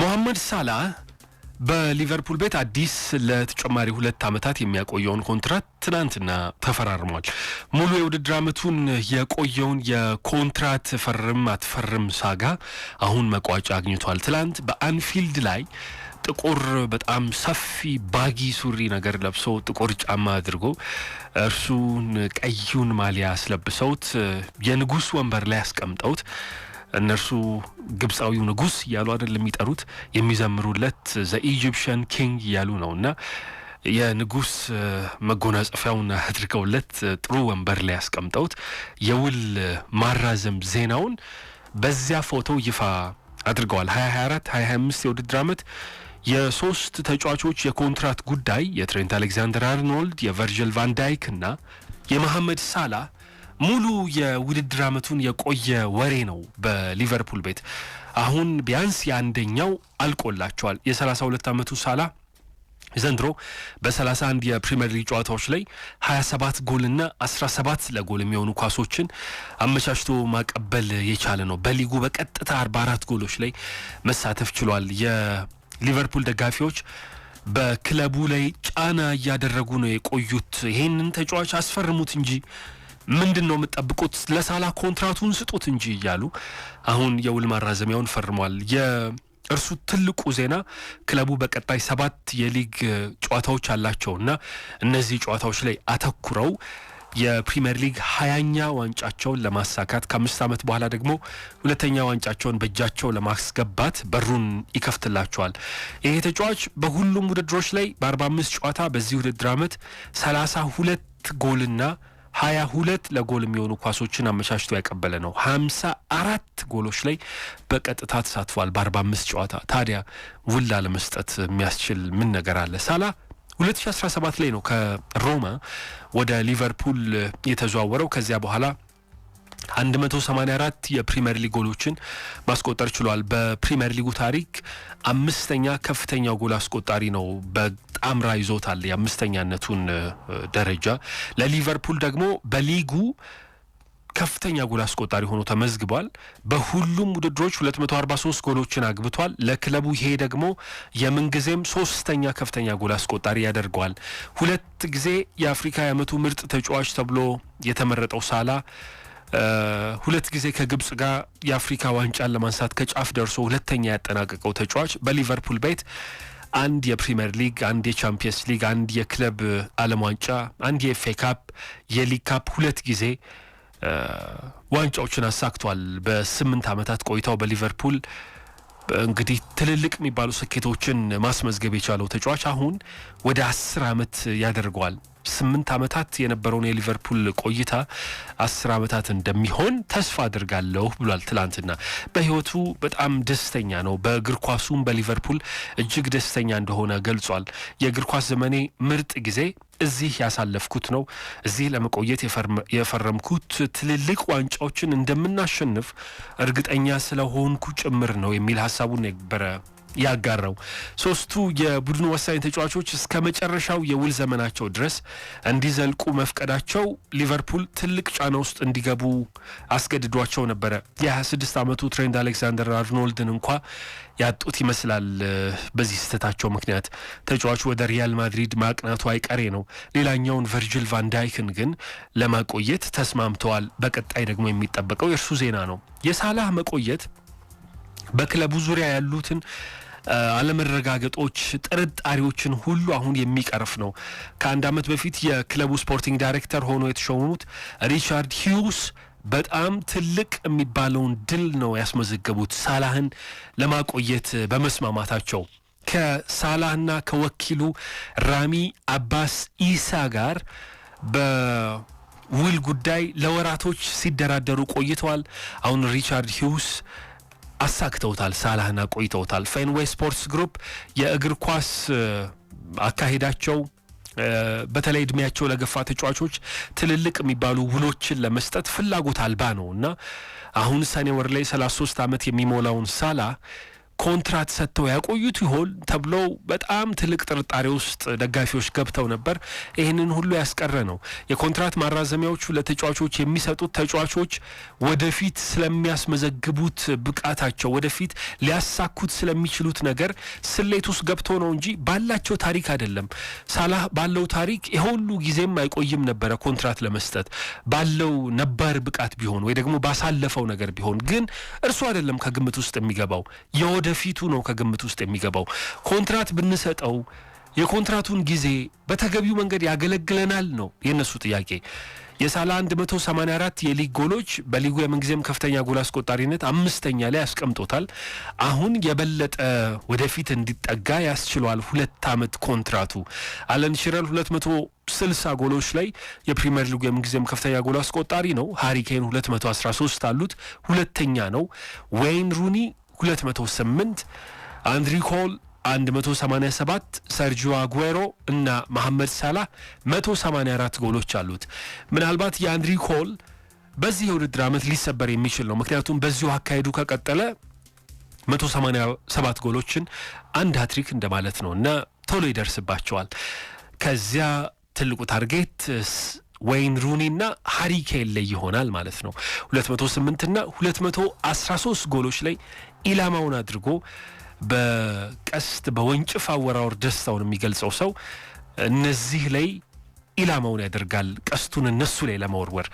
ሞሐመድ ሳላ በሊቨርፑል ቤት አዲስ ለተጨማሪ ሁለት ዓመታት የሚያቆየውን ኮንትራት ትናንትና ተፈራርሟል። ሙሉ የውድድር ዓመቱን የቆየውን የኮንትራት ፈርም አትፈርም ሳጋ አሁን መቋጫ አግኝቷል። ትላንት በአንፊልድ ላይ ጥቁር በጣም ሰፊ ባጊ ሱሪ ነገር ለብሶ ጥቁር ጫማ አድርጎ እርሱን ቀዩን ማሊያ አስለብሰውት የንጉሥ ወንበር ላይ አስቀምጠውት እነርሱ ግብፃዊው ንጉስ እያሉ አይደል የሚጠሩት የሚዘምሩለት ዘ ኢጂፕሽን ኪንግ እያሉ ነው እና የንጉስ መጎናጸፊያውን አድርገውለት ጥሩ ወንበር ላይ ያስቀምጠውት የውል ማራዘም ዜናውን በዚያ ፎቶ ይፋ አድርገዋል። 2024 2025 የውድድር ዓመት የሶስት ተጫዋቾች የኮንትራት ጉዳይ የትሬንት አሌክዛንደር አርኖልድ፣ የቨርጅል ቫን ዳይክ እና የመሐመድ ሳላ ሙሉ የውድድር ዓመቱን የቆየ ወሬ ነው በሊቨርፑል ቤት። አሁን ቢያንስ የአንደኛው አልቆላቸዋል። የ32 ዓመቱ ሳላ ዘንድሮ በ31 የፕሪምየር ሊግ ጨዋታዎች ላይ 27 ጎልና 17 ለጎል የሚሆኑ ኳሶችን አመቻችቶ ማቀበል የቻለ ነው። በሊጉ በቀጥታ 44 ጎሎች ላይ መሳተፍ ችሏል። የሊቨርፑል ደጋፊዎች በክለቡ ላይ ጫና እያደረጉ ነው የቆዩት። ይህንን ተጫዋች አስፈርሙት እንጂ ምንድን ነው የምጠብቁት? ለሳላ ኮንትራቱን ስጡት እንጂ እያሉ አሁን የውል ማራዘሚያውን ፈርሟል። እርሱ ትልቁ ዜና ክለቡ በቀጣይ ሰባት የሊግ ጨዋታዎች እና እነዚህ ጨዋታዎች ላይ አተኩረው የፕሪምየር ሊግ ሀያኛ ዋንጫቸውን ለማሳካት ከአምስት ዓመት በኋላ ደግሞ ሁለተኛ ዋንጫቸውን በእጃቸው ለማስገባት በሩን ይከፍትላቸዋል። ይሄ ተጫዋች በሁሉም ውድድሮች ላይ በአርባ አምስት ጨዋታ በዚህ ውድድር ዓመት ሰላሳ ሁለት ጎልና ሀያ ሁለት ለጎል የሚሆኑ ኳሶችን አመቻችቶ ያቀበለ ነው። ሀምሳ አራት ጎሎች ላይ በቀጥታ ተሳትፏል በአርባ አምስት ጨዋታ። ታዲያ ውላ ለመስጠት የሚያስችል ምን ነገር አለ? ሳላ 2017 ላይ ነው ከሮማ ወደ ሊቨርፑል የተዘዋወረው። ከዚያ በኋላ 184 የፕሪምየር ሊግ ጎሎችን ማስቆጠር ችሏል። በፕሪምየር ሊጉ ታሪክ አምስተኛ ከፍተኛ ጎል አስቆጣሪ ነው። በጣምራ ይዞታል የአምስተኛነቱን ደረጃ። ለሊቨርፑል ደግሞ በሊጉ ከፍተኛ ጎል አስቆጣሪ ሆኖ ተመዝግቧል። በሁሉም ውድድሮች 243 ጎሎችን አግብቷል። ለክለቡ ይሄ ደግሞ የምንጊዜም ሶስተኛ ከፍተኛ ጎል አስቆጣሪ ያደርገዋል። ሁለት ጊዜ የአፍሪካ የዓመቱ ምርጥ ተጫዋች ተብሎ የተመረጠው ሳላ ሁለት ጊዜ ከግብጽ ጋር የአፍሪካ ዋንጫን ለማንሳት ከጫፍ ደርሶ ሁለተኛ ያጠናቀቀው ተጫዋች በሊቨርፑል ቤት አንድ የፕሪምየር ሊግ፣ አንድ የቻምፒየንስ ሊግ፣ አንድ የክለብ ዓለም ዋንጫ፣ አንድ የኤፍኤ ካፕ፣ የሊግ ካፕ ሁለት ጊዜ ዋንጫዎችን አሳክቷል። በስምንት ዓመታት ቆይታው በሊቨርፑል እንግዲህ ትልልቅ የሚባሉ ስኬቶችን ማስመዝገብ የቻለው ተጫዋች አሁን ወደ አስር ዓመት ያደርገዋል። ስምንት ዓመታት የነበረውን የሊቨርፑል ቆይታ አስር ዓመታት እንደሚሆን ተስፋ አድርጋለሁ ብሏል። ትላንትና በህይወቱ በጣም ደስተኛ ነው። በእግር ኳሱም በሊቨርፑል እጅግ ደስተኛ እንደሆነ ገልጿል። የእግር ኳስ ዘመኔ ምርጥ ጊዜ እዚህ ያሳለፍኩት ነው። እዚህ ለመቆየት የፈረምኩት ትልልቅ ዋንጫዎችን እንደምናሸንፍ እርግጠኛ ስለሆንኩ ጭምር ነው የሚል ሀሳቡን ነበረ ያጋራው። ሶስቱ የቡድኑ ወሳኝ ተጫዋቾች እስከ መጨረሻው የውል ዘመናቸው ድረስ እንዲዘልቁ መፍቀዳቸው ሊቨርፑል ትልቅ ጫና ውስጥ እንዲገቡ አስገድዷቸው ነበረ። የ26 ዓመቱ ትሬንድ አሌክዛንደር አርኖልድን እንኳ ያጡት ይመስላል። በዚህ ስህተታቸው ምክንያት ተጫዋቹ ወደ ሪያል ማድሪድ ማቅናቱ አይቀሬ ነው። ሌላኛውን ቨርጅል ቫንዳይክን ግን ለማቆየት ተስማምተዋል። በቀጣይ ደግሞ የሚጠበቀው የእርሱ ዜና ነው። የሳላህ መቆየት በክለቡ ዙሪያ ያሉትን አለመረጋገጦች፣ ጥርጣሬዎችን ሁሉ አሁን የሚቀርፍ ነው። ከአንድ ዓመት በፊት የክለቡ ስፖርቲንግ ዳይሬክተር ሆኖ የተሾሙት ሪቻርድ ሂውስ በጣም ትልቅ የሚባለውን ድል ነው ያስመዘገቡት ሳላህን ለማቆየት በመስማማታቸው ከሳላህና ከወኪሉ ራሚ አባስ ኢሳ ጋር በውል ጉዳይ ለወራቶች ሲደራደሩ ቆይተዋል። አሁን ሪቻርድ ሂውስ አሳክተውታል። ሳላህና ቆይተውታል። ፌንዌይ ስፖርትስ ግሩፕ የእግር ኳስ አካሄዳቸው በተለይ እድሜያቸው ለገፋ ተጫዋቾች ትልልቅ የሚባሉ ውሎችን ለመስጠት ፍላጎት አልባ ነው እና አሁን ሰኔ ወር ላይ 33 ዓመት የሚሞላውን ሳላ ኮንትራት ሰጥተው ያቆዩት ይሆን ተብሎ በጣም ትልቅ ጥርጣሬ ውስጥ ደጋፊዎች ገብተው ነበር። ይህንን ሁሉ ያስቀረ ነው። የኮንትራት ማራዘሚያዎቹ ለተጫዋቾች የሚሰጡት ተጫዋቾች ወደፊት ስለሚያስመዘግቡት ብቃታቸው፣ ወደፊት ሊያሳኩት ስለሚችሉት ነገር ስሌት ውስጥ ገብተው ነው እንጂ ባላቸው ታሪክ አይደለም። ሳላህ ባለው ታሪክ የሁሉ ጊዜም አይቆይም ነበረ ኮንትራት ለመስጠት ባለው ነባር ብቃት ቢሆን ወይ ደግሞ ባሳለፈው ነገር ቢሆን ግን እርሱ አይደለም ከግምት ውስጥ የሚገባው ወደፊቱ ነው ከግምት ውስጥ የሚገባው። ኮንትራት ብንሰጠው የኮንትራቱን ጊዜ በተገቢው መንገድ ያገለግለናል ነው የእነሱ ጥያቄ። የሳላ 184 የሊግ ጎሎች በሊጉ የምንጊዜም ከፍተኛ ጎል አስቆጣሪነት አምስተኛ ላይ ያስቀምጦታል። አሁን የበለጠ ወደፊት እንዲጠጋ ያስችሏል ሁለት ዓመት ኮንትራቱ። አለን ሽረል 260 ጎሎች ላይ የፕሪምየር ሊጉ የምንጊዜም ከፍተኛ ጎል አስቆጣሪ ነው። ሃሪኬን 213 አሉት፣ ሁለተኛ ነው። ወይን ሩኒ 208 አንድሪ ኮል 187 ሰርጂዮ አጉዌሮ እና መሐመድ ሳላህ 184 ጎሎች አሉት። ምናልባት የአንድሪ ኮል በዚህ የውድድር ዓመት ሊሰበር የሚችል ነው። ምክንያቱም በዚሁ አካሄዱ ከቀጠለ 187 ጎሎችን አንድ ሀትሪክ እንደማለት ነው እና ቶሎ ይደርስባቸዋል። ከዚያ ትልቁ ታርጌት ወይን ሀሪ ኬን ላይ ይሆናል ማለት ነው። 208ና 213 ጎሎች ላይ ኢላማውን አድርጎ በቀስት በወንጭፍ አወራወር ደስታውን የሚገልጸው ሰው እነዚህ ላይ ኢላማውን ያደርጋል። ቀስቱን እነሱ ላይ ለመወርወር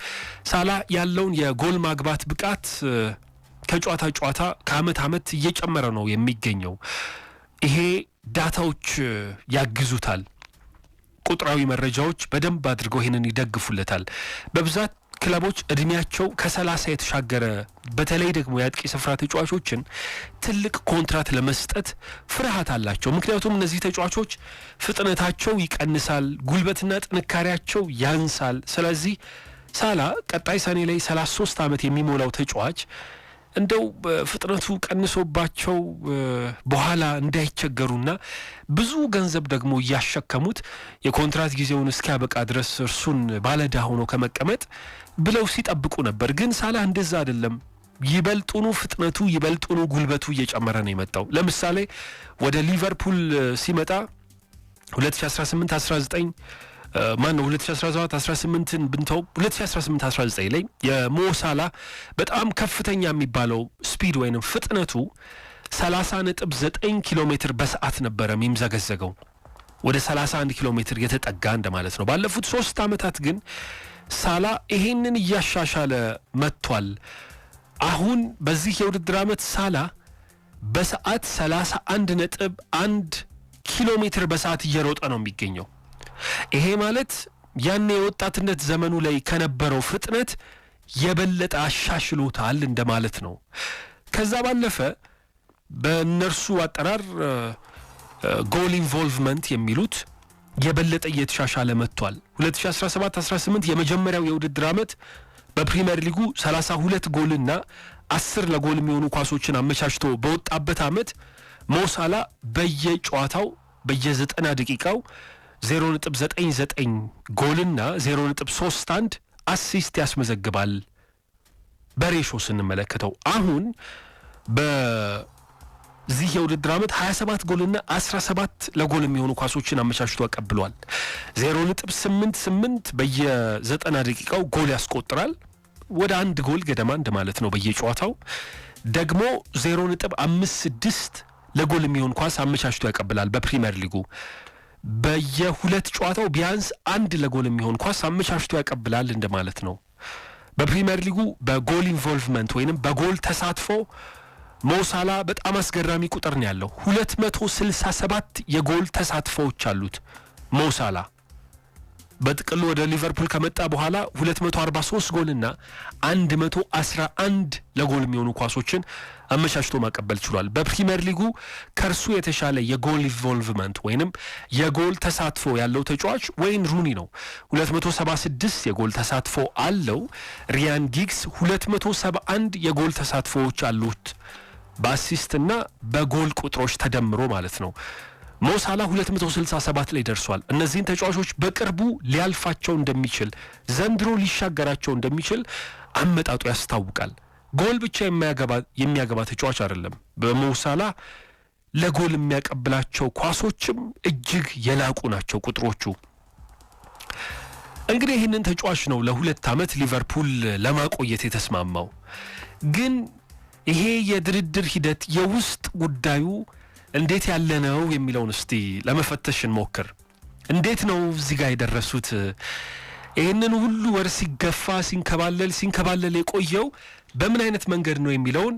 ሳላ ያለውን የጎል ማግባት ብቃት ከጨዋታ ጨዋታ ከአመት ዓመት እየጨመረ ነው የሚገኘው። ይሄ ዳታዎች ያግዙታል። ቁጥራዊ መረጃዎች በደንብ አድርገው ይህንን ይደግፉለታል። በብዛት ክለቦች እድሜያቸው ከሰላሳ የተሻገረ በተለይ ደግሞ የአጥቂ ስፍራ ተጫዋቾችን ትልቅ ኮንትራት ለመስጠት ፍርሃት አላቸው። ምክንያቱም እነዚህ ተጫዋቾች ፍጥነታቸው ይቀንሳል፣ ጉልበትና ጥንካሬያቸው ያንሳል። ስለዚህ ሳላ ቀጣይ ሰኔ ላይ ሰላሳ ሶስት ዓመት የሚሞላው ተጫዋች እንደው ፍጥነቱ ቀንሶባቸው በኋላ እንዳይቸገሩና ብዙ ገንዘብ ደግሞ እያሸከሙት የኮንትራት ጊዜውን እስኪያበቃ ድረስ እርሱን ባለዳ ሆኖ ከመቀመጥ ብለው ሲጠብቁ ነበር። ግን ሳላህ እንደዛ አይደለም። ይበልጡኑ ፍጥነቱ ይበልጡኑ ጉልበቱ እየጨመረ ነው የመጣው። ለምሳሌ ወደ ሊቨርፑል ሲመጣ 2018 19 ማን ነው 2017 18ን ብንተው 2018 19 ላይ የሞሳላ በጣም ከፍተኛ የሚባለው ስፒድ ወይንም ፍጥነቱ 30 9 ኪሎ ሜትር በሰዓት ነበረ የሚምዘገዘገው ወደ 31 ኪሎ ሜትር የተጠጋ እንደማለት ነው። ባለፉት ሶስት ዓመታት ግን ሳላ ይሄንን እያሻሻለ መጥቷል። አሁን በዚህ የውድድር ዓመት ሳላ በሰዓት 31 ነጥብ አንድ ኪሎ ሜትር በሰዓት እየሮጠ ነው የሚገኘው። ይሄ ማለት ያኔ የወጣትነት ዘመኑ ላይ ከነበረው ፍጥነት የበለጠ አሻሽሎታል እንደማለት ነው። ከዛ ባለፈ በእነርሱ አጠራር ጎል ኢንቮልቭመንት የሚሉት የበለጠ እየተሻሻለ መጥቷል። 2017/18 የመጀመሪያው የውድድር ዓመት በፕሪምየር ሊጉ 32 ጎልና 10 ለጎል የሚሆኑ ኳሶችን አመቻችቶ በወጣበት ዓመት ሞሳላ በየጨዋታው በየ90 ደቂቃው ዜሮ ነጥብ ዘጠኝ ዘጠኝ ጎልና ዜሮ ነጥብ ሶስት አንድ አሲስት ያስመዘግባል በሬሾ ስንመለከተው አሁን በዚህ የውድድር ዓመት 27 ጎልና 17 ለጎል የሚሆኑ ኳሶችን አመቻችቶ አቀብሏል። 0.88 በየ90 ደቂቃው ጎል ያስቆጥራል። ወደ አንድ ጎል ገደማ እንደማለት ነው በየጨዋታው። ደግሞ 0.56 ለጎል የሚሆን ኳስ አመቻችቶ ያቀብላል በፕሪሚየር ሊጉ በየሁለት ጨዋታው ቢያንስ አንድ ለጎል የሚሆን ኳስ አመቻችቶ ያቀብላል እንደማለት ነው። በፕሪሚየር ሊጉ በጎል ኢንቮልቭመንት ወይንም በጎል ተሳትፎ ሞሳላ በጣም አስገራሚ ቁጥር ነው ያለው። ሁለት መቶ ስልሳ ሰባት የጎል ተሳትፎዎች አሉት ሞሳላ። በጥቅሉ ወደ ሊቨርፑል ከመጣ በኋላ 243 ጎልና 111 ለጎል የሚሆኑ ኳሶችን አመቻችቶ ማቀበል ችሏል። በፕሪምየር ሊጉ ከእርሱ የተሻለ የጎል ኢንቮልቭመንት ወይንም የጎል ተሳትፎ ያለው ተጫዋች ወይን ሩኒ ነው። 276 የጎል ተሳትፎ አለው። ሪያን ጊግስ 271 የጎል ተሳትፎዎች አሉት፣ በአሲስትና በጎል ቁጥሮች ተደምሮ ማለት ነው። ሞሳላ 267 ላይ ደርሷል። እነዚህን ተጫዋቾች በቅርቡ ሊያልፋቸው እንደሚችል ዘንድሮ ሊሻገራቸው እንደሚችል አመጣጡ ያስታውቃል። ጎል ብቻ የሚያገባ ተጫዋች አይደለም። በሞሳላ ለጎል የሚያቀብላቸው ኳሶችም እጅግ የላቁ ናቸው ቁጥሮቹ። እንግዲህ ይህንን ተጫዋች ነው ለሁለት ዓመት ሊቨርፑል ለማቆየት የተስማማው። ግን ይሄ የድርድር ሂደት የውስጥ ጉዳዩ እንዴት ያለ ነው የሚለውን እስቲ ለመፈተሽ እንሞክር። እንዴት ነው እዚህ ጋር የደረሱት? ይህንን ሁሉ ወር ሲገፋ ሲንከባለል ሲንከባለል የቆየው በምን አይነት መንገድ ነው የሚለውን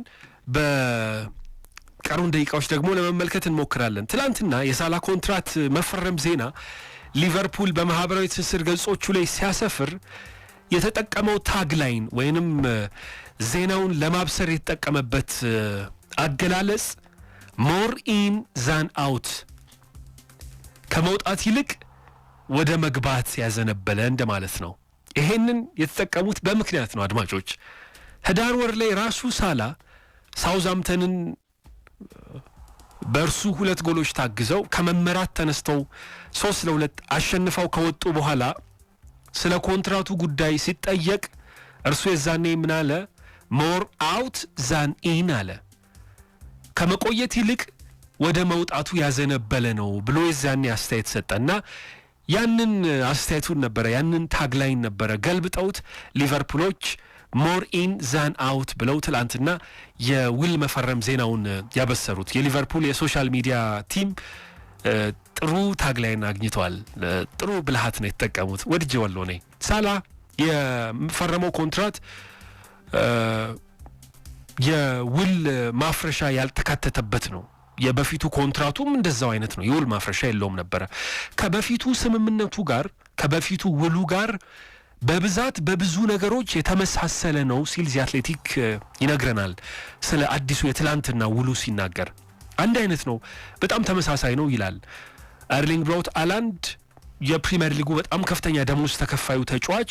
በቀሩን ደቂቃዎች ደግሞ ለመመልከት እንሞክራለን። ትላንትና የሳላ ኮንትራት መፈረም ዜና ሊቨርፑል በማህበራዊ ትስስር ገጾቹ ላይ ሲያሰፍር የተጠቀመው ታግላይን ወይንም ዜናውን ለማብሰር የተጠቀመበት አገላለጽ ሞር ኢን ዛን አውት ከመውጣት ይልቅ ወደ መግባት ያዘነበለ እንደማለት ነው። ይሄንን የተጠቀሙት በምክንያት ነው አድማጮች። ህዳር ወር ላይ ራሱ ሳላ ሳውዛምተንን በእርሱ ሁለት ጎሎች ታግዘው ከመመራት ተነስተው ሶስት ለሁለት አሸንፈው ከወጡ በኋላ ስለ ኮንትራቱ ጉዳይ ሲጠየቅ እርሱ የዛኔ ምን አለ? ሞር አውት ዛን ኢን አለ። ከመቆየት ይልቅ ወደ መውጣቱ ያዘነበለ ነው ብሎ የዛኔ አስተያየት ሰጠና ያንን አስተያየቱን ነበረ ያንን ታግላይን ነበረ ገልብጠውት ሊቨርፑሎች ሞር ኢን ዛን አውት ብለው ትላንትና የውል መፈረም ዜናውን ያበሰሩት የሊቨርፑል የሶሻል ሚዲያ ቲም ጥሩ ታግላይን አግኝተዋል። ጥሩ ብልሃት ነው የተጠቀሙት። ወድጄ ወሎ ነ ሳላ የፈረመው ኮንትራት የውል ማፍረሻ ያልተካተተበት ነው። የበፊቱ ኮንትራቱም እንደዛው አይነት ነው። የውል ማፍረሻ የለውም ነበረ። ከበፊቱ ስምምነቱ ጋር ከበፊቱ ውሉ ጋር በብዛት በብዙ ነገሮች የተመሳሰለ ነው ሲል ዚ አትሌቲክ ይነግረናል። ስለ አዲሱ የትላንትና ውሉ ሲናገር አንድ አይነት ነው፣ በጣም ተመሳሳይ ነው ይላል። ኤርሊንግ ብራውት አላንድ የፕሪሚየር ሊጉ በጣም ከፍተኛ ደሞዝ ተከፋዩ ተጫዋች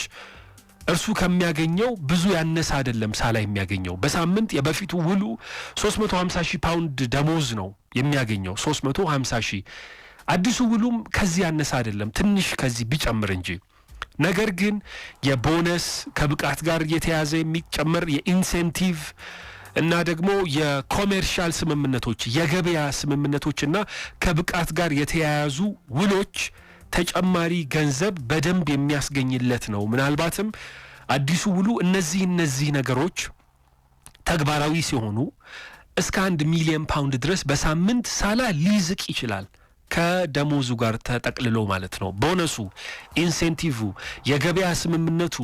እርሱ ከሚያገኘው ብዙ ያነሰ አይደለም ሳላ የሚያገኘው። በሳምንት የበፊቱ ውሉ 350 ሺህ ፓውንድ ደሞዝ ነው የሚያገኘው 350 ሺህ። አዲሱ ውሉም ከዚህ ያነሰ አይደለም፣ ትንሽ ከዚህ ቢጨምር እንጂ። ነገር ግን የቦነስ ከብቃት ጋር እየተያዘ የሚጨመር የኢንሴንቲቭ እና ደግሞ የኮሜርሻል ስምምነቶች የገበያ ስምምነቶችና ከብቃት ጋር የተያያዙ ውሎች ተጨማሪ ገንዘብ በደንብ የሚያስገኝለት ነው። ምናልባትም አዲሱ ውሉ እነዚህ እነዚህ ነገሮች ተግባራዊ ሲሆኑ እስከ አንድ ሚሊየን ፓውንድ ድረስ በሳምንት ሳላ ሊዝቅ ይችላል። ከደሞዙ ጋር ተጠቅልሎ ማለት ነው። ቦነሱ፣ ኢንሴንቲቭ፣ የገበያ ስምምነቱ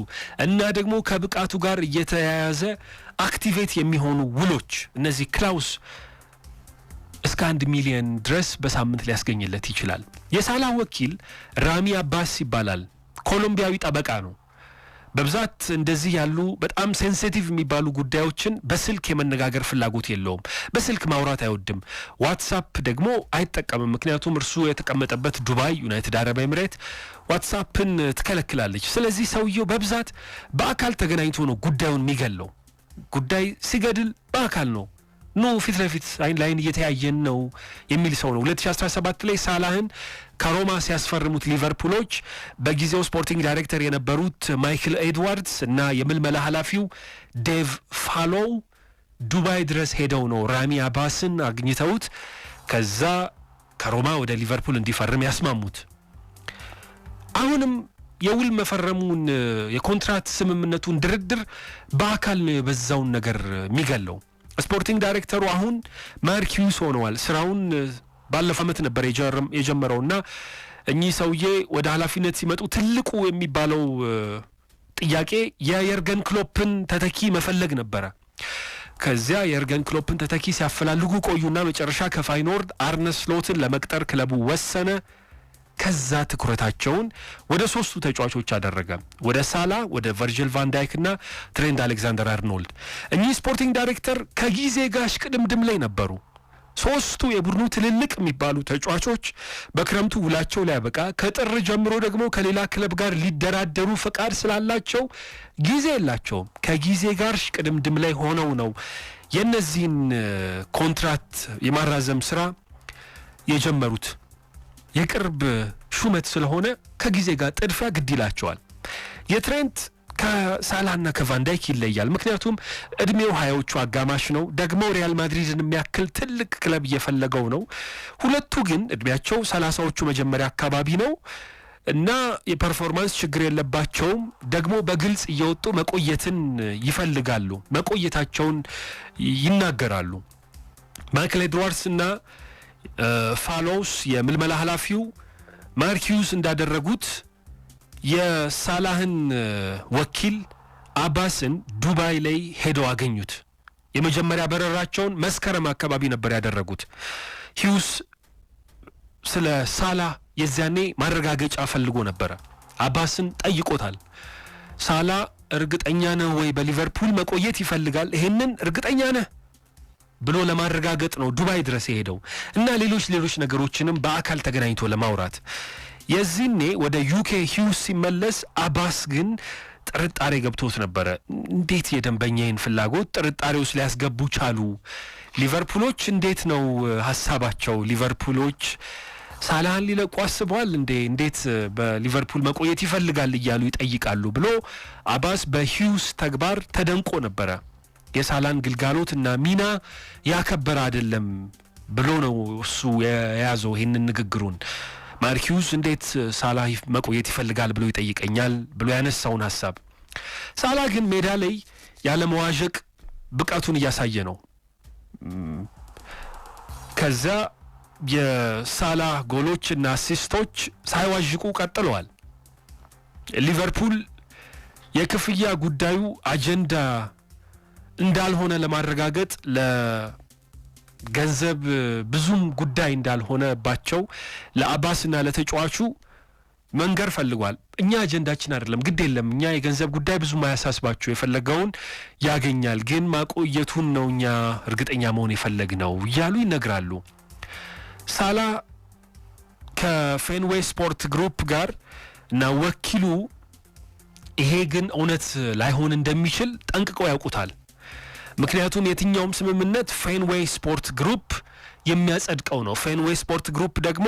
እና ደግሞ ከብቃቱ ጋር እየተያያዘ አክቲቬት የሚሆኑ ውሎች እነዚህ ክላውስ እስከ አንድ ሚሊዮን ድረስ በሳምንት ሊያስገኝለት ይችላል። የሳላ ወኪል ራሚ አባስ ይባላል። ኮሎምቢያዊ ጠበቃ ነው። በብዛት እንደዚህ ያሉ በጣም ሴንሲቲቭ የሚባሉ ጉዳዮችን በስልክ የመነጋገር ፍላጎት የለውም። በስልክ ማውራት አይወድም። ዋትሳፕ ደግሞ አይጠቀምም። ምክንያቱም እርሱ የተቀመጠበት ዱባይ፣ ዩናይትድ አረብ ኤምሬት ዋትሳፕን ትከለክላለች። ስለዚህ ሰውየው በብዛት በአካል ተገናኝቶ ነው ጉዳዩን የሚገለው። ጉዳይ ሲገድል በአካል ነው ኖ ፊት ለፊት አይን ላይን እየተያየን ነው የሚል ሰው ነው። 2017 ላይ ሳላህን ከሮማ ሲያስፈርሙት ሊቨርፑሎች በጊዜው ስፖርቲንግ ዳይሬክተር የነበሩት ማይክል ኤድዋርድስ እና የምልመላ ኃላፊው ዴቭ ፋሎው ዱባይ ድረስ ሄደው ነው ራሚ አባስን አግኝተውት ከዛ ከሮማ ወደ ሊቨርፑል እንዲፈርም ያስማሙት። አሁንም የውል መፈረሙን የኮንትራት ስምምነቱን ድርድር በአካል ነው የበዛውን ነገር የሚገለው። ስፖርቲንግ ዳይሬክተሩ አሁን ማርክ ሆነዋል። ስራውን ባለፈው ዓመት ነበር እና እኚህ ሰውዬ ወደ ኃላፊነት ሲመጡ ትልቁ የሚባለው ጥያቄ የየርገን ክሎፕን ተተኪ መፈለግ ነበረ። ከዚያ የእርገን ክሎፕን ተተኪ ሲያፈላልጉ ቆዩና መጨረሻ ከፋይኖርድ አርነስሎትን ለመቅጠር ክለቡ ወሰነ። ከዛ ትኩረታቸውን ወደ ሶስቱ ተጫዋቾች አደረገ፣ ወደ ሳላ፣ ወደ ቨርጅል ቫንዳይክ እና ትሬንድ አሌክዛንደር አርኖልድ። እኚህ ስፖርቲንግ ዳይሬክተር ከጊዜ ጋር እሽቅድምድም ላይ ነበሩ። ሶስቱ የቡድኑ ትልልቅ የሚባሉ ተጫዋቾች በክረምቱ ውላቸው ላይ ያበቃ፣ ከጥር ጀምሮ ደግሞ ከሌላ ክለብ ጋር ሊደራደሩ ፈቃድ ስላላቸው ጊዜ የላቸውም። ከጊዜ ጋር ሽቅድምድም ላይ ሆነው ነው የእነዚህን ኮንትራት የማራዘም ስራ የጀመሩት። የቅርብ ሹመት ስለሆነ ከጊዜ ጋር ጥድፊያ ግድ ይላቸዋል። የትሬንት ከሳላና ከቫንዳይክ ይለያል። ምክንያቱም እድሜው ሀያዎቹ አጋማሽ ነው። ደግሞ ሪያል ማድሪድን የሚያክል ትልቅ ክለብ እየፈለገው ነው። ሁለቱ ግን እድሜያቸው ሰላሳዎቹ መጀመሪያ አካባቢ ነው እና የፐርፎርማንስ ችግር የለባቸውም። ደግሞ በግልጽ እየወጡ መቆየትን ይፈልጋሉ። መቆየታቸውን ይናገራሉ። ማይክል ኤድዋርድስ እና ፋሎስ የምልመላ ኃላፊው ማርኪዩስ እንዳደረጉት የሳላህን ወኪል አባስን ዱባይ ላይ ሄደው አገኙት። የመጀመሪያ በረራቸውን መስከረም አካባቢ ነበር ያደረጉት። ሂውስ ስለ ሳላ የዚያኔ ማረጋገጫ ፈልጎ ነበረ። አባስን ጠይቆታል። ሳላ እርግጠኛ ነህ ወይ በሊቨርፑል መቆየት ይፈልጋል? ይህንን እርግጠኛ ነህ ብሎ ለማረጋገጥ ነው ዱባይ ድረስ የሄደው እና ሌሎች ሌሎች ነገሮችንም በአካል ተገናኝቶ ለማውራት የዚህኔ ወደ ዩኬ ሂውስ ሲመለስ አባስ ግን ጥርጣሬ ገብቶት ነበረ። እንዴት የደንበኛዬን ፍላጎት ጥርጣሬ ውስጥ ሊያስገቡ ቻሉ? ሊቨርፑሎች እንዴት ነው ሀሳባቸው? ሊቨርፑሎች ሳላህን ሊለቁ አስበዋል እንዴ? እንዴት በሊቨርፑል መቆየት ይፈልጋል እያሉ ይጠይቃሉ ብሎ አባስ በሂውስ ተግባር ተደንቆ ነበረ። የሳላን ግልጋሎትና ሚና ያከበረ አይደለም ብሎ ነው እሱ የያዘው ይህንን ንግግሩን። ማርኪዩስ እንዴት ሳላ መቆየት ይፈልጋል ብሎ ይጠይቀኛል ብሎ ያነሳውን ሀሳብ ሳላ ግን ሜዳ ላይ ያለ መዋዠቅ ብቃቱን እያሳየ ነው። ከዛ የሳላ ጎሎች እና አሲስቶች ሳይዋዥቁ ቀጥለዋል። ሊቨርፑል የክፍያ ጉዳዩ አጀንዳ እንዳልሆነ ለማረጋገጥ ለገንዘብ ብዙም ጉዳይ እንዳልሆነባቸው ለአባስና ለተጫዋቹ መንገር ፈልጓል። እኛ አጀንዳችን አይደለም፣ ግድ የለም እኛ የገንዘብ ጉዳይ ብዙም አያሳስባቸው፣ የፈለገውን ያገኛል፣ ግን ማቆየቱን ነው እኛ እርግጠኛ መሆን የፈለግ ነው እያሉ ይነግራሉ። ሳላ ከፌንዌይ ስፖርት ግሩፕ ጋር እና ወኪሉ ይሄ ግን እውነት ላይሆን እንደሚችል ጠንቅቀው ያውቁታል። ምክንያቱም የትኛውም ስምምነት ፌንዌይ ስፖርት ግሩፕ የሚያጸድቀው ነው። ፌንዌይ ስፖርት ግሩፕ ደግሞ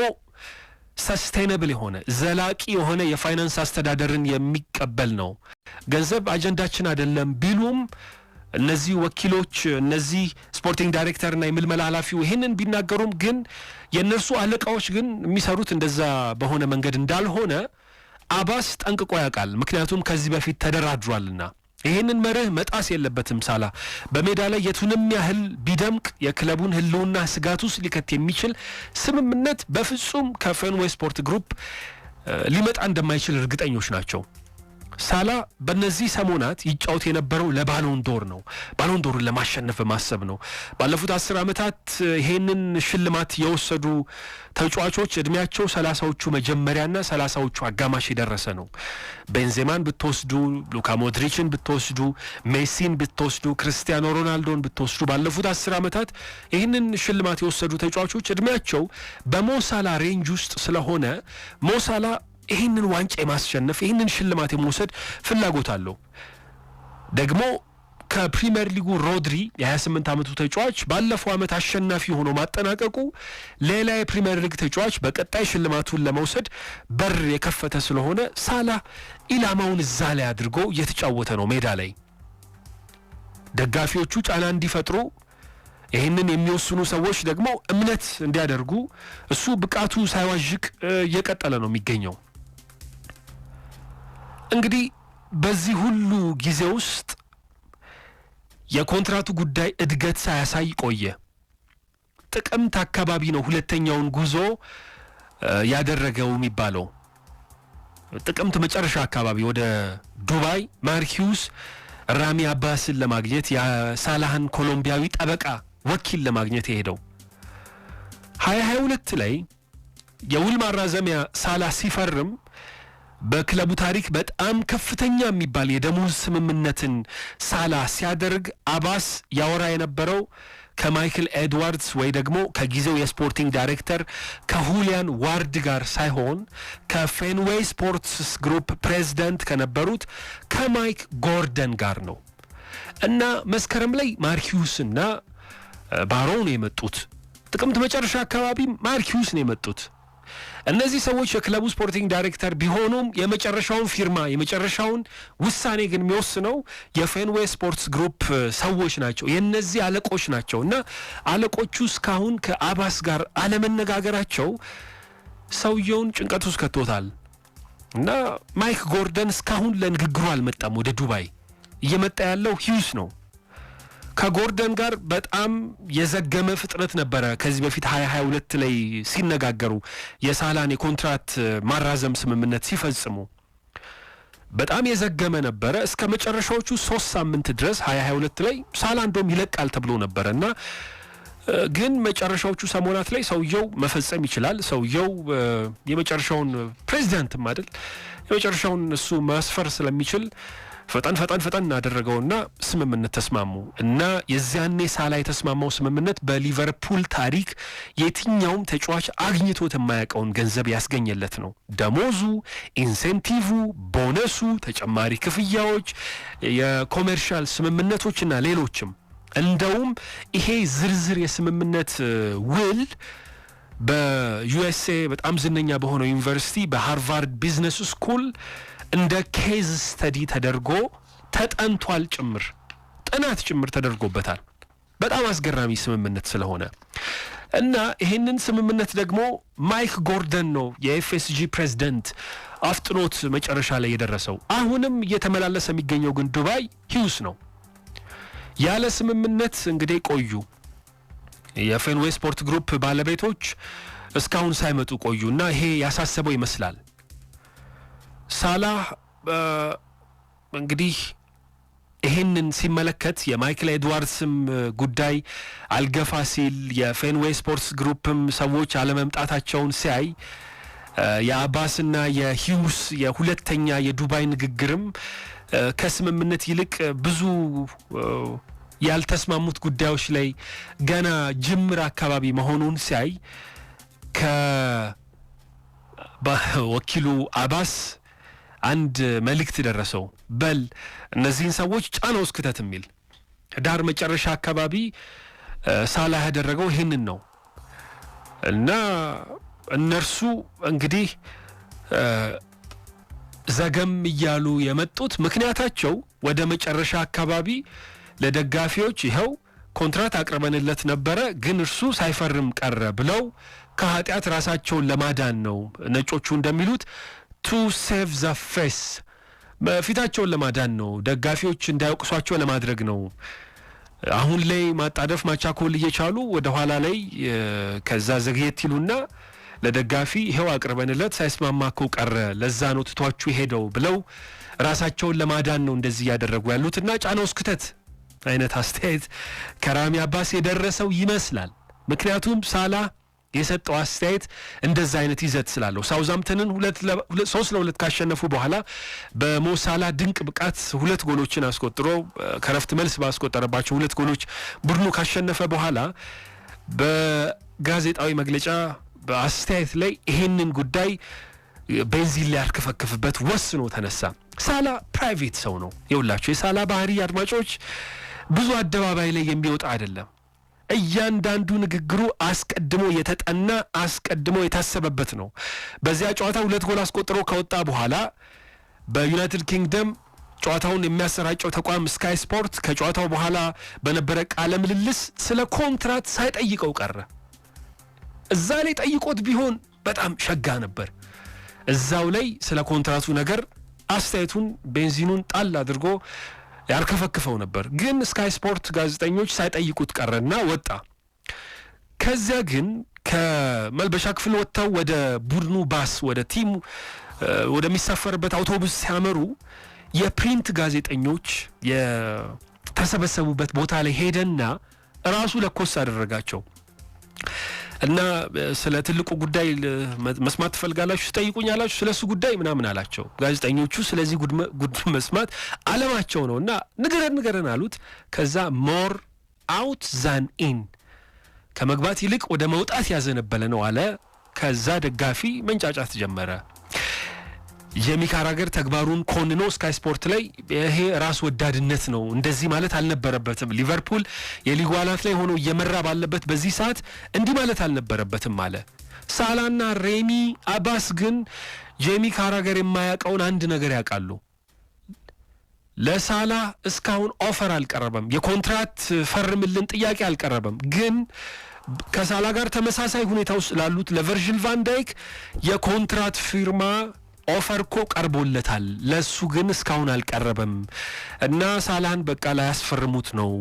ሰስቴነብል የሆነ ዘላቂ የሆነ የፋይናንስ አስተዳደርን የሚቀበል ነው። ገንዘብ አጀንዳችን አይደለም ቢሉም እነዚህ ወኪሎች እነዚህ ስፖርቲንግ ዳይሬክተርና የምልመላ ኃላፊው ይህንን ቢናገሩም ግን የእነርሱ አለቃዎች ግን የሚሰሩት እንደዛ በሆነ መንገድ እንዳልሆነ አባስ ጠንቅቆ ያውቃል። ምክንያቱም ከዚህ በፊት ተደራድሯልና ይህንን መርህ መጣስ የለበትም። ሳላ በሜዳ ላይ የቱንም ያህል ቢደምቅ የክለቡን ህልውና ስጋት ውስጥ ሊከት የሚችል ስምምነት በፍጹም ከፌንዌይ ስፖርት ግሩፕ ሊመጣ እንደማይችል እርግጠኞች ናቸው። ሳላ በእነዚህ ሰሞናት ይጫወት የነበረው ዶር ነው። ዶርን ለማሸነፍ በማሰብ ነው። ባለፉት አስር ዓመታት ይሄንን ሽልማት የወሰዱ ተጫዋቾች እድሜያቸው ሰላሳዎቹ መጀመሪያና ሰላሳዎቹ አጋማሽ የደረሰ ነው። ቤንዜማን ብትወስዱ፣ ሉካ ሞድሪችን ብትወስዱ፣ ሜሲን ብትወስዱ፣ ክርስቲያኖ ሮናልዶን ብትወስዱ ባለፉት አስር ዓመታት ይህንን ሽልማት የወሰዱ ተጫዋቾች እድሜያቸው በሞሳላ ሬንጅ ውስጥ ስለሆነ ሞሳላ ይህንን ዋንጫ የማስሸነፍ ይህንን ሽልማት የመውሰድ ፍላጎት አለው። ደግሞ ከፕሪምየር ሊጉ ሮድሪ የ28 ዓመቱ ተጫዋች ባለፈው ዓመት አሸናፊ ሆኖ ማጠናቀቁ ሌላ የፕሪምየር ሊግ ተጫዋች በቀጣይ ሽልማቱን ለመውሰድ በር የከፈተ ስለሆነ ሳላ ኢላማውን እዛ ላይ አድርጎ እየተጫወተ ነው። ሜዳ ላይ ደጋፊዎቹ ጫና እንዲፈጥሩ ይህንን የሚወስኑ ሰዎች ደግሞ እምነት እንዲያደርጉ እሱ ብቃቱ ሳይዋዥቅ እየቀጠለ ነው የሚገኘው። እንግዲህ በዚህ ሁሉ ጊዜ ውስጥ የኮንትራቱ ጉዳይ እድገት ሳያሳይ ቆየ። ጥቅምት አካባቢ ነው ሁለተኛውን ጉዞ ያደረገው የሚባለው ጥቅምት መጨረሻ አካባቢ ወደ ዱባይ ማርኪውስ ራሚ አባስን ለማግኘት የሳላህን ኮሎምቢያዊ ጠበቃ ወኪል ለማግኘት የሄደው ሀያ ሀያ ሁለት ላይ የውል ማራዘሚያ ሳላህ ሲፈርም በክለቡ ታሪክ በጣም ከፍተኛ የሚባል የደሞዝ ስምምነትን ሳላ ሲያደርግ አባስ ያወራ የነበረው ከማይክል ኤድዋርድስ ወይ ደግሞ ከጊዜው የስፖርቲንግ ዳይሬክተር ከሁሊያን ዋርድ ጋር ሳይሆን ከፌንዌይ ስፖርትስ ግሩፕ ፕሬዚደንት ከነበሩት ከማይክ ጎርደን ጋር ነው እና መስከረም ላይ ማርኪዩስና ባሮን የመጡት ጥቅምት መጨረሻ አካባቢ ማርኪዩስ ነው የመጡት። እነዚህ ሰዎች የክለቡ ስፖርቲንግ ዳይሬክተር ቢሆኑም የመጨረሻውን ፊርማ የመጨረሻውን ውሳኔ ግን የሚወስነው የፌንዌይ ስፖርትስ ግሩፕ ሰዎች ናቸው። የእነዚህ አለቆች ናቸው እና አለቆቹ እስካሁን ከአባስ ጋር አለመነጋገራቸው ሰውየውን ጭንቀት ውስጥ ከቶታል እና ማይክ ጎርደን እስካሁን ለንግግሩ አልመጣም። ወደ ዱባይ እየመጣ ያለው ሂውስ ነው። ከጎርደን ጋር በጣም የዘገመ ፍጥነት ነበረ። ከዚህ በፊት ሀያ ሁለት ላይ ሲነጋገሩ የሳላን የኮንትራት ማራዘም ስምምነት ሲፈጽሙ በጣም የዘገመ ነበረ። እስከ መጨረሻዎቹ ሶስት ሳምንት ድረስ ሀያ ሁለት ላይ ሳላ እንደውም ይለቃል ተብሎ ነበረ እና ግን መጨረሻዎቹ ሰሞናት ላይ ሰውየው መፈጸም ይችላል። ሰውየው የመጨረሻውን ፕሬዚዳንትም አይደል የመጨረሻውን እሱ መስፈር ስለሚችል ፈጠን ፈጠን ፈጠን አደረገውና ስምምነት ተስማሙ እና የዚያኔ ሳላ የተስማማው ስምምነት በሊቨርፑል ታሪክ የትኛውም ተጫዋች አግኝቶት የማያውቀውን ገንዘብ ያስገኘለት ነው። ደሞዙ፣ ኢንሴንቲቭ ቦነሱ፣ ተጨማሪ ክፍያዎች፣ የኮሜርሻል ስምምነቶችና ሌሎችም። እንደውም ይሄ ዝርዝር የስምምነት ውል በዩኤስኤ በጣም ዝነኛ በሆነው ዩኒቨርሲቲ በሃርቫርድ ቢዝነስ ስኩል እንደ ኬዝ ስተዲ ተደርጎ ተጠንቷል ጭምር ጥናት ጭምር ተደርጎበታል። በጣም አስገራሚ ስምምነት ስለሆነ እና ይህንን ስምምነት ደግሞ ማይክ ጎርደን ነው የኤፍኤስጂ ፕሬዚደንት አፍጥኖት መጨረሻ ላይ የደረሰው። አሁንም እየተመላለሰ የሚገኘው ግን ዱባይ ሂውስ ነው። ያለ ስምምነት እንግዲህ ቆዩ። የፌንዌይ ስፖርት ግሩፕ ባለቤቶች እስካሁን ሳይመጡ ቆዩ እና ይሄ ያሳሰበው ይመስላል። ሳላህ እንግዲህ ይህንን ሲመለከት የማይክል ኤድዋርድስም ጉዳይ አልገፋ ሲል የፌንዌይ ስፖርትስ ግሩፕም ሰዎች አለመምጣታቸውን ሲያይ የአባስና የሂውስ የሁለተኛ የዱባይ ንግግርም ከስምምነት ይልቅ ብዙ ያልተስማሙት ጉዳዮች ላይ ገና ጅምር አካባቢ መሆኑን ሲያይ ከወኪሉ አባስ አንድ መልእክት ደረሰው። በል እነዚህን ሰዎች ጫነው እስክተት የሚል ዳር መጨረሻ አካባቢ ሳላህ ያደረገው ይህንን ነው እና እነርሱ እንግዲህ ዘገም እያሉ የመጡት ምክንያታቸው ወደ መጨረሻ አካባቢ ለደጋፊዎች ይኸው ኮንትራት አቅርበንለት ነበረ፣ ግን እርሱ ሳይፈርም ቀረ ብለው ከኃጢአት ራሳቸውን ለማዳን ነው። ነጮቹ እንደሚሉት ቱ ሴቭ ዘ ፌስ በፊታቸውን ለማዳን ነው። ደጋፊዎች እንዳያውቅሷቸው ለማድረግ ነው። አሁን ላይ ማጣደፍ ማቻኮል እየቻሉ ወደ ኋላ ላይ ከዛ ዘግየት ይሉና ለደጋፊ ይኸው አቅርበንለት ለት እኮ ቀረ፣ ለዛ ነው ትቷችሁ ሄደው ብለው ራሳቸውን ለማዳን ነው እንደዚህ እያደረጉ ያሉትና ጫናው እስክተት አይነት አስተያየት ከራሚ አባስ የደረሰው ይመስላል። ምክንያቱም ሳላ የሰጠው አስተያየት እንደዛ አይነት ይዘት ስላለው ሳውዛምተንን ሶስት ለሁለት ካሸነፉ በኋላ በሞሳላ ድንቅ ብቃት ሁለት ጎሎችን አስቆጥሮ ከረፍት መልስ ባስቆጠረባቸው ሁለት ጎሎች ቡድኑ ካሸነፈ በኋላ በጋዜጣዊ መግለጫ በአስተያየት ላይ ይሄንን ጉዳይ ቤንዚን ሊያርከፈክፍበት ወስኖ ተነሳ። ሳላ ፕራይቬት ሰው ነው የውላቸው የሳላ ባህሪ አድማጮች ብዙ አደባባይ ላይ የሚወጣ አይደለም። እያንዳንዱ ንግግሩ አስቀድሞ የተጠና አስቀድሞ የታሰበበት ነው። በዚያ ጨዋታ ሁለት ጎል አስቆጥሮ ከወጣ በኋላ በዩናይትድ ኪንግደም ጨዋታውን የሚያሰራጨው ተቋም ስካይ ስፖርት ከጨዋታው በኋላ በነበረ ቃለ ምልልስ ስለ ኮንትራት ሳይጠይቀው ቀረ። እዛ ላይ ጠይቆት ቢሆን በጣም ሸጋ ነበር። እዛው ላይ ስለ ኮንትራቱ ነገር አስተያየቱን ቤንዚኑን ጣል አድርጎ ያርከፈክፈው ነበር። ግን ስካይ ስፖርት ጋዜጠኞች ሳይጠይቁት ቀረና ወጣ። ከዚያ ግን ከመልበሻ ክፍል ወጥተው ወደ ቡድኑ ባስ ወደ ቲም ወደሚሳፈርበት አውቶቡስ ሲያመሩ የፕሪንት ጋዜጠኞች የተሰበሰቡበት ቦታ ላይ ሄደና ራሱ ለኮስ አደረጋቸው። እና ስለ ትልቁ ጉዳይ መስማት ትፈልጋላችሁ ስጠይቁኝ አላችሁ። ስለ እሱ ጉዳይ ምናምን አላቸው። ጋዜጠኞቹ ስለዚህ ጉድ መስማት አለማቸው ነው እና ንገረን ንገረን አሉት። ከዛ ሞር አውት ዛን ኢን ከመግባት ይልቅ ወደ መውጣት ያዘነበለ ነው አለ። ከዛ ደጋፊ መንጫጫት ጀመረ። ጄሚ ተግባሩን ኮንኖ ስካይ ስፖርት ላይ ይሄ ራስ ወዳድነት ነው፣ እንደዚህ ማለት አልነበረበትም፣ ሊቨርፑል የሊጉ አናት ላይ ሆኖ እየመራ ባለበት በዚህ ሰዓት እንዲህ ማለት አልነበረበትም አለ። ሳላና ሬሚ አባስ ግን ጄሚ ካራገር የማያውቀውን አንድ ነገር ያውቃሉ። ለሳላ እስካሁን ኦፈር አልቀረበም፣ የኮንትራት ፈርምልን ጥያቄ አልቀረበም ግን ከሳላ ጋር ተመሳሳይ ሁኔታ ውስጥ ላሉት ለቨርዥል ቫን ዳይክ የኮንትራት ፊርማ ኦፈር እኮ ቀርቦለታል፣ ለእሱ ግን እስካሁን አልቀረበም እና ሳላህን በቃ ላያስፈርሙት ነው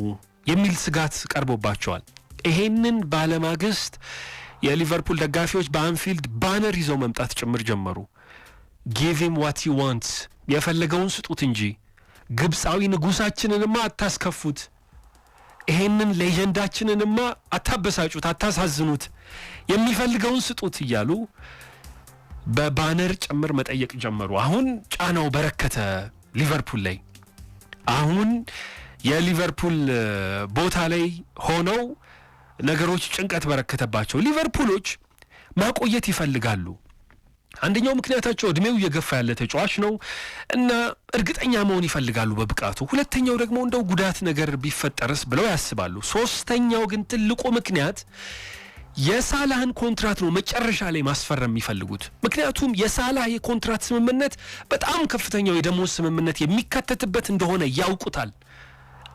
የሚል ስጋት ቀርቦባቸዋል። ይሄንን ባለማግስት የሊቨርፑል ደጋፊዎች በአንፊልድ ባነር ይዘው መምጣት ጭምር ጀመሩ። ጊቪም ዋት ዩ የፈለገውን ስጡት እንጂ ግብፃዊ ንጉሳችንንማ አታስከፉት፣ ይሄንን ሌጀንዳችንንማ አታበሳጩት፣ አታሳዝኑት፣ የሚፈልገውን ስጡት እያሉ በባነር ጭምር መጠየቅ ጀመሩ። አሁን ጫናው በረከተ ሊቨርፑል ላይ። አሁን የሊቨርፑል ቦታ ላይ ሆነው ነገሮች ጭንቀት በረከተባቸው። ሊቨርፑሎች ማቆየት ይፈልጋሉ። አንደኛው ምክንያታቸው እድሜው እየገፋ ያለ ተጫዋች ነው እና እርግጠኛ መሆን ይፈልጋሉ በብቃቱ። ሁለተኛው ደግሞ እንደው ጉዳት ነገር ቢፈጠርስ ብለው ያስባሉ። ሶስተኛው ግን ትልቁ ምክንያት የሳላህን ኮንትራት ነው መጨረሻ ላይ ማስፈረም የሚፈልጉት። ምክንያቱም የሳላህ የኮንትራት ስምምነት በጣም ከፍተኛው የደሞዝ ስምምነት የሚካተትበት እንደሆነ ያውቁታል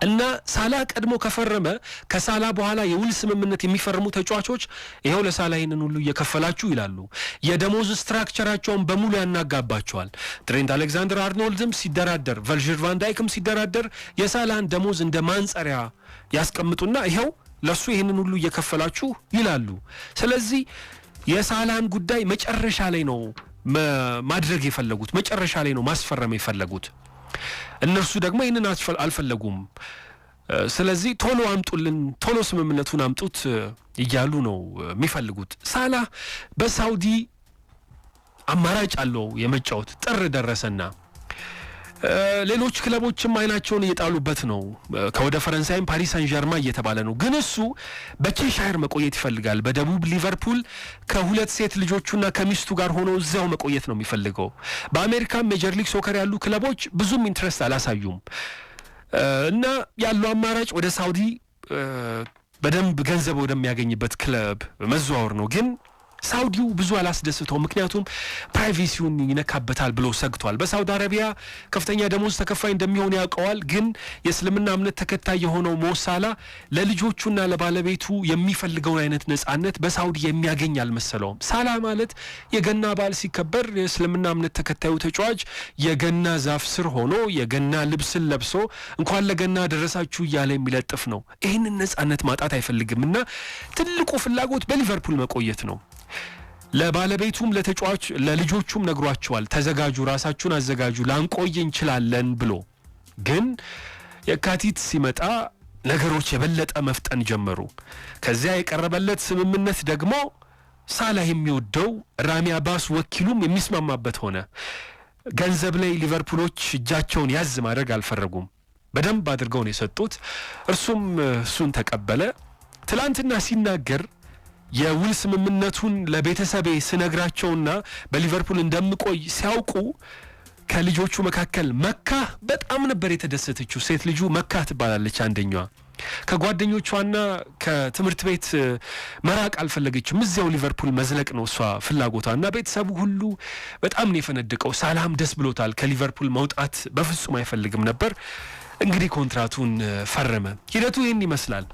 እና ሳላህ ቀድሞ ከፈረመ ከሳላ በኋላ የውል ስምምነት የሚፈርሙ ተጫዋቾች ይኸው ለሳላ ይህንን ሁሉ እየከፈላችሁ ይላሉ። የደሞዝ ስትራክቸራቸውን በሙሉ ያናጋባቸዋል። ትሬንት አሌክዛንደር አርኖልድም ሲደራደር፣ ቨልዥር ቫንዳይክም ሲደራደር የሳላን ደሞዝ እንደ ማንጸሪያ ያስቀምጡና ይኸው ለሱ ይህንን ሁሉ እየከፈላችሁ ይላሉ። ስለዚህ የሳላን ጉዳይ መጨረሻ ላይ ነው ማድረግ የፈለጉት፣ መጨረሻ ላይ ነው ማስፈረም የፈለጉት። እነርሱ ደግሞ ይህንን አልፈለጉም። ስለዚህ ቶሎ አምጡልን፣ ቶሎ ስምምነቱን አምጡት እያሉ ነው የሚፈልጉት። ሳላ በሳውዲ አማራጭ አለው የመጫወት ጥር ደረሰና ሌሎች ክለቦችም አይናቸውን እየጣሉበት ነው። ከወደ ፈረንሳይም ፓሪስ ሳን ዠርማ እየተባለ ነው። ግን እሱ በቼሻየር መቆየት ይፈልጋል። በደቡብ ሊቨርፑል ከሁለት ሴት ልጆቹና ከሚስቱ ጋር ሆኖ እዚያው መቆየት ነው የሚፈልገው። በአሜሪካ ሜጀር ሊግ ሶከር ያሉ ክለቦች ብዙም ኢንትረስት አላሳዩም እና ያለው አማራጭ ወደ ሳውዲ በደንብ ገንዘብ ወደሚያገኝበት ክለብ መዘዋወር ነው ግን ሳውዲው ብዙ አላስደስተው፣ ምክንያቱም ፕራይቬሲውን ይነካበታል ብሎ ሰግቷል። በሳውዲ አረቢያ ከፍተኛ ደሞዝ ተከፋይ እንደሚሆን ያውቀዋል። ግን የእስልምና እምነት ተከታይ የሆነው ሞሳላ ለልጆቹና ለባለቤቱ የሚፈልገውን አይነት ነጻነት በሳውዲ የሚያገኝ አልመሰለውም። ሳላ ማለት የገና በዓል ሲከበር የእስልምና እምነት ተከታዩ ተጫዋች የገና ዛፍ ስር ሆኖ የገና ልብስን ለብሶ እንኳን ለገና ደረሳችሁ እያለ የሚለጥፍ ነው። ይህንን ነጻነት ማጣት አይፈልግም እና ትልቁ ፍላጎት በሊቨርፑል መቆየት ነው። ለባለቤቱም ለተጫዋች ለልጆቹም ነግሯቸዋል። ተዘጋጁ፣ ራሳችሁን አዘጋጁ፣ ላንቆይ እንችላለን ብሎ ግን የካቲት ሲመጣ ነገሮች የበለጠ መፍጠን ጀመሩ። ከዚያ የቀረበለት ስምምነት ደግሞ ሳላህ የሚወደው ራሚ አባስ ወኪሉም የሚስማማበት ሆነ። ገንዘብ ላይ ሊቨርፑሎች እጃቸውን ያዝ ማድረግ አልፈረጉም። በደንብ አድርገው ነው የሰጡት። እርሱም እሱን ተቀበለ። ትላንትና ሲናገር የውል ስምምነቱን ለቤተሰቤ ስነግራቸውና በሊቨርፑል እንደምቆይ ሲያውቁ ከልጆቹ መካከል መካ በጣም ነበር የተደሰተችው። ሴት ልጁ መካ ትባላለች አንደኛዋ። ከጓደኞቿና ከትምህርት ቤት መራቅ አልፈለገችም። እዚያው ሊቨርፑል መዝለቅ ነው እሷ ፍላጎቷ እና ቤተሰቡ ሁሉ በጣም ነው የፈነድቀው። ሳላህም ደስ ብሎታል። ከሊቨርፑል መውጣት በፍጹም አይፈልግም ነበር። እንግዲህ ኮንትራቱን ፈረመ። ሂደቱ ይህን ይመስላል።